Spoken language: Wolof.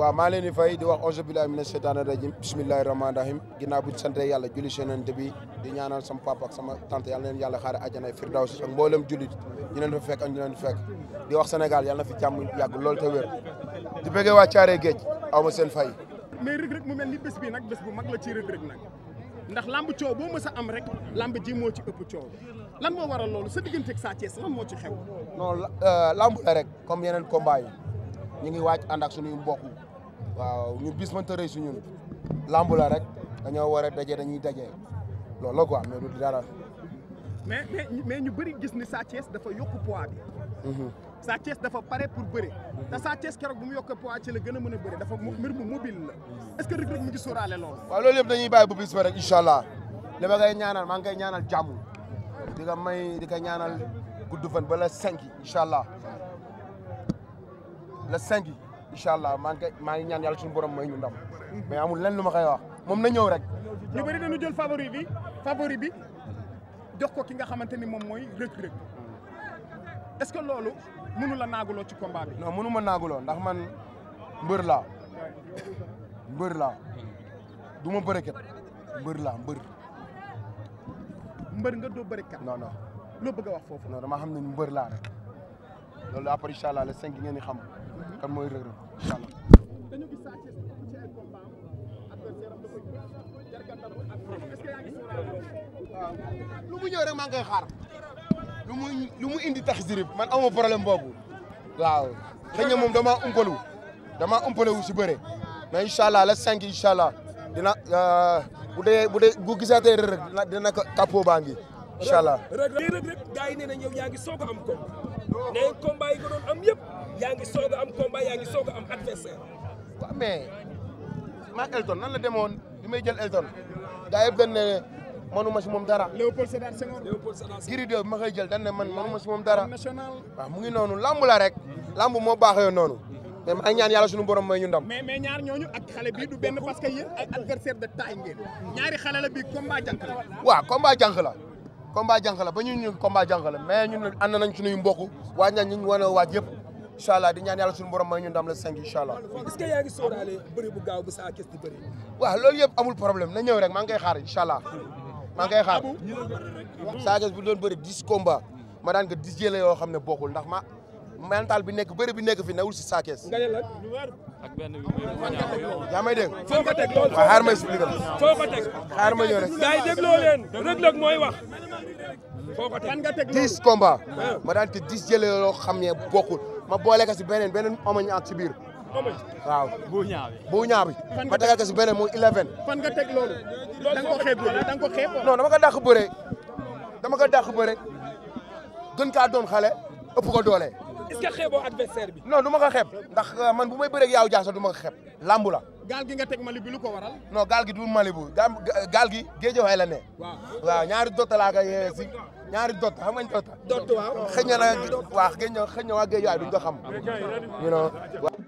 waaw maa leen di fay di wax auzu billahi mina sheytaani rajim bismillahi rahmaani rahim ginnaaw bu sante yàlla julli seenante bi di ñaanal sama papa ak sama tante yàlla leen yàlla xaare àjjana firdaws ak mboolem jullit ñu leen fa fi jàmm yàgg lool te wér di bëggee waa Caaree Géej aw seen fay mais Reug mu mel ni bés bi nag bés bu mag la ci Reug Reug nag ndax lamb coow boo mës am rek lamb ji moo ci ëpp coow lan moo waral loolu sa digganteeg Sa Thiès lan moo ci xew non euh, lamb la rek comme yeneen combat yi ñu ngi waaj ànd ak suñuy mbokk waaw ñu bis mënta rëy si ñun lamb rek dañoo war a daje dañuy daje loolu la quoi mais du dara. mais mais ñu bëri gis ni Sa dafa yokk poids bi. Mhm. Sa dafa pare pour bëre. te Sa Thiès keroog bu mu yokk poids ci la gën a mën a bëre dafa mbir mu mobile la. est-ce que Reug Reug mu ngi sóoraale loolu. waaw yëpp dañuy baay bu bis ba rek incha allah li ma koy ñaanal maa ngi ñaanal jàmm di may di ko ñaanal gudd fan ba la cinq incha allah la cinq. incha allah maa ngi maa ngi ñaan yàlla suñu borom may ñu ndam mais amul lenn lu ma kay wax moom na ñëw rek. ñu bëri dañu jël favori bi favori bi jox ko ki nga xamante ni moom mooy Reug Reug est-ce que loolu mënu la naaguloo ci combat bi. non mënu ma naaguloo ndax man mbër laa mbër laa du ma bërëkat mbër la mbër. mbër nga doo bërëkat. non non loo bëgg wax foofu. non dama xam ne mbër laa rek loolu après incha le cinq ngeen ni xam. kan mooy Reug lu mu ñëw rek maa ngi koy lu mu indi tax man amuma problème boobu waaw xëy na moom damaa umpalu damaa umpalu wu si bëre mais incha allah la cinq incha allah dina euh, bu dee bu dee bu gisaatee Reug Reug dina dina capot baa ngi. incha allah rek rek rek gars yi nee nañ yow yaa ngi soog a am ko ne combat yi ko doon am yëpp yaa ngi soog a am combat yaa ngi soog a am adversaire waaw mais maa Elton nan la demoon li may jël Elton gars yëpp dañ ne manuma si moom dara. Léopold Sédar Senghor. Léopold Sédar Senghor. Giri ma koy jël dañ ne man manuma si moom dara. national waaw mu ngi noonu lamb la rek. lamb moo baaxee noonu. mais maa ñaan yàlla suñu borom may ñu ndam. mais mais ñaar ñooñu ak xale bii du benn parce que yéen ay adversaire de taille ngeen ñaari xale la bii combat jànk la. waaw combat jànk la. combat jànq la ba ñun ñu combat jànq la mais ñun ànd nañ suñuy mbokk waaj nañ ñu ngi wane waaj yëpp incha allah di ñaan yàlla suñu borom may ñu ndam la cinq incha allah. est-ce que yaa ngi sóoraale bëri bu gaaw bu saa kees yëpp amul problème na ñëw rek maa ngi koy xaar incha allah maa ngi koy xaar saa bu doon bëri dix combat ma daan ko dix jëlee yoo xam ne bokkul ndax ma mental bi nekk bëri bi nekk fi newul si saakees. ak benn bi yaa ma expliqué la. foo ma ñëw rek. gars yi dégloo leen Reug Reug mooy wax. foo ko nga teg dix combat. Ah. ma daan te dix jëlee yoo xam ne bokkul ma boole ko si beneen beneen omo ñu ak biir. waaw bu ñaaw ma tegal ko si beneen muy eleven. fan nga teg loolu. da da ko xeeb non dama ko dàq bëre dama ko dàq bëre gën kaa doon xale ëpp ko doole. est-ce que xeeboo bi. non du ma ko ndax euh, man bu may bëreeg yaaw jaasa du ma ko xeeb lambu la. gaal gi nga teg Malibu lu ko waral. non gaal gi du Malibu gaal gi géejewaay la ne. waaw waaw ñaari dott laa koy yee euh, si ñaari dott xam nga dott. dott waaw xëy na nag waaw xëy na xëy na waa géejewaay duñ ko xam. you